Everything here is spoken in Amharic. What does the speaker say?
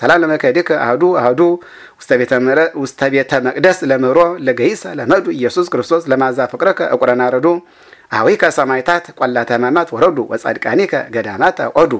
ተላለመ ከዲከ አህዱ አህዱ ውስተ ቤተ መቅደስ ለምሮ ለገይሳ ለመዱ ኢየሱስ ክርስቶስ ለማዛ ፍቅረከ እቁረና ረዱ አዊከ ሰማይታት ቆላተ ሕማማት ወረዱ ወጻድቃኒከ ገዳማት አቆዱ